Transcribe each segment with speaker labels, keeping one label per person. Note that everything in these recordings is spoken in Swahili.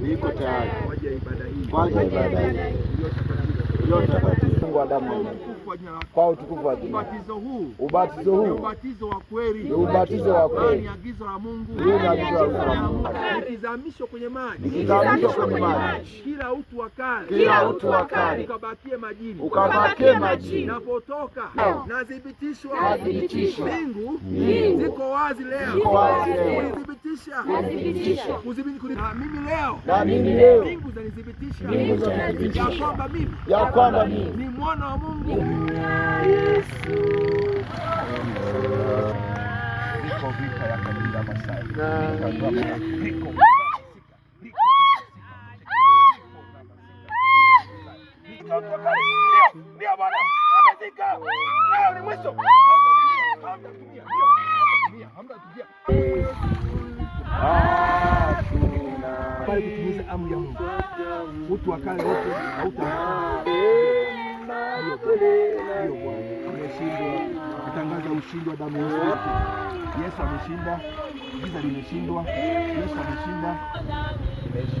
Speaker 1: Niko tayari kwa ajili ya ibada hii
Speaker 2: kwa utukufu wa
Speaker 1: jina. Ubatizo huu ni
Speaker 2: ubatizo wa kweli, ni agizo la Mungu, nikizamishwa kwenye maji, kila utu wa kale
Speaker 1: kila utu wa kale
Speaker 2: ukabakie majini,
Speaker 1: ukabakie majini.
Speaker 2: Napotoka nadhibitishwa,
Speaker 1: nadhibitishwa.
Speaker 2: Mbingu ziko wazi leo,
Speaker 1: ziko wazi leo,
Speaker 2: kudhibitisha,
Speaker 1: kudhibitisha,
Speaker 2: kudhibitisha. Mimi leo
Speaker 1: na mimi leo,
Speaker 2: mbingu zanithibitisha,
Speaker 1: mbingu zanithibitisha kwamba mimi kwamba ni
Speaker 2: mwana wa Mungu.
Speaker 3: Amri
Speaker 1: ah, ya Mungu utu wa kale wote umeshindwa. Natangaza ushindi wa damu ya Yesu. ameshinda, giza limeshindwa. Yesu ameshinda. Yesu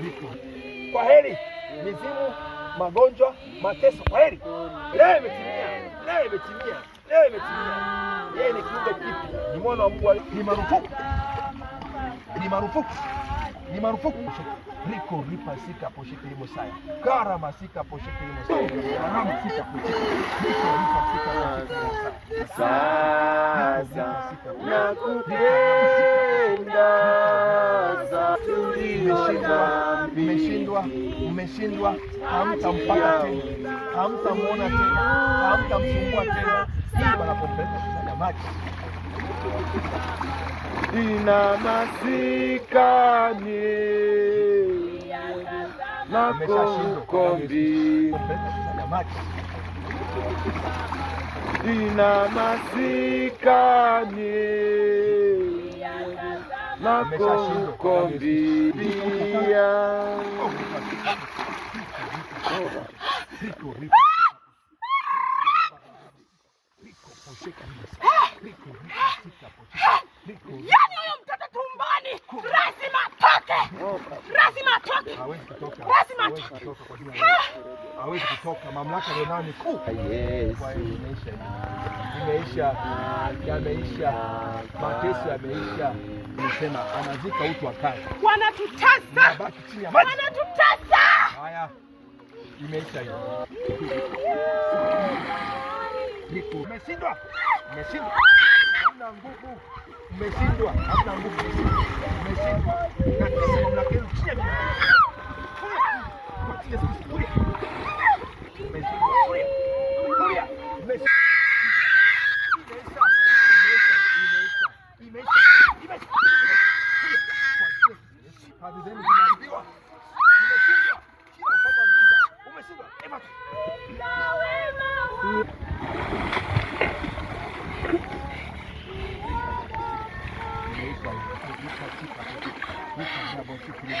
Speaker 2: vitu. Kwa heri mizimu, magonjwa, mateso, kwa heri. Leo imetimia, leo imetimia, leo imetimia. Yeye ni kiumbe kipi? ni mwana wa Mungu.
Speaker 1: Ni marufuku, ni marufuku, ni marufuku riko ripa sika ripasika poshete limo saya kara masika poshete limo
Speaker 3: saya sasa nakupenda
Speaker 1: mmeshindwa, mmeshindwa, hamtampata tena, hamtamwona tena, hamtamsumbua tena.
Speaker 3: ina masikani nako huko ina masikani lako huko
Speaker 4: Yani huyo mtoto tumboni lazima atoke, lazima
Speaker 1: atoke hawezi kutoka, mamlaka ya nani kuu?
Speaker 3: Ah,
Speaker 1: imeisha, yameisha, mateso yameisha. Nimesema anazika utu wa kale,
Speaker 4: wanatutasa,
Speaker 1: wanatutasa. Haya, imeisha hiyo, mmeshindwa, mmeshindwa, hamna nguvu, mmeshindwa, hamna nguvu, mmeshindwa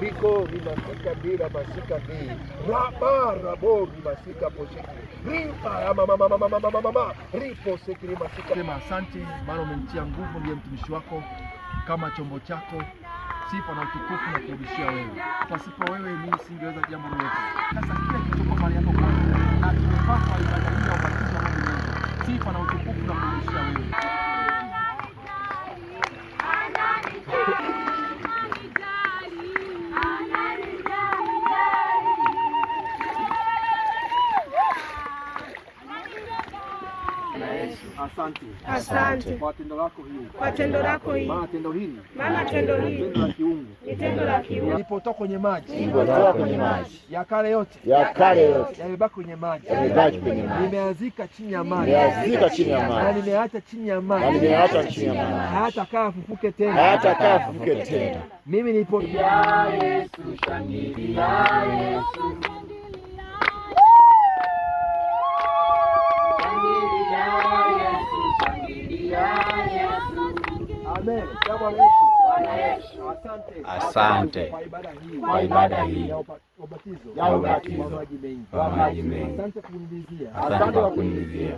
Speaker 1: riko rimasika bila masika bi raba rabo posiki ripo sekiri masika. Sema asante, maana umenitia nguvu, ndiye mtumishi wako kama chombo chako sifa na utukufu na kurudishia wewe. Pasipo wewe mimi singeweza jambo lolote. Sasa asante,
Speaker 3: asante
Speaker 1: kwa tendo lako hili,
Speaker 3: kwa tendo lako hili,
Speaker 1: maana tendo hili,
Speaker 3: maana tendo hili tendo la kiungu, ni tendo la kiungu.
Speaker 1: Nilipotoka kwenye maji,
Speaker 3: nilipotoka kwenye maji,
Speaker 1: ya kale yote,
Speaker 3: ya kale yote
Speaker 1: yalibaki kwenye maji,
Speaker 3: yalibaki kwenye maji,
Speaker 1: nimeazika chini ya maji,
Speaker 3: nimeazika chini ya maji,
Speaker 1: na nimeacha chini ya maji,
Speaker 3: nimeacha chini ya maji,
Speaker 1: hata kaa fufuke tena,
Speaker 3: hata kaa fufuke tena. Mimi nilipo Yesu, shangilia Yesu
Speaker 1: Asante
Speaker 3: kwa ibada hii
Speaker 1: ya ubatizo
Speaker 3: wa maji mengi. Asante kwa kunilizia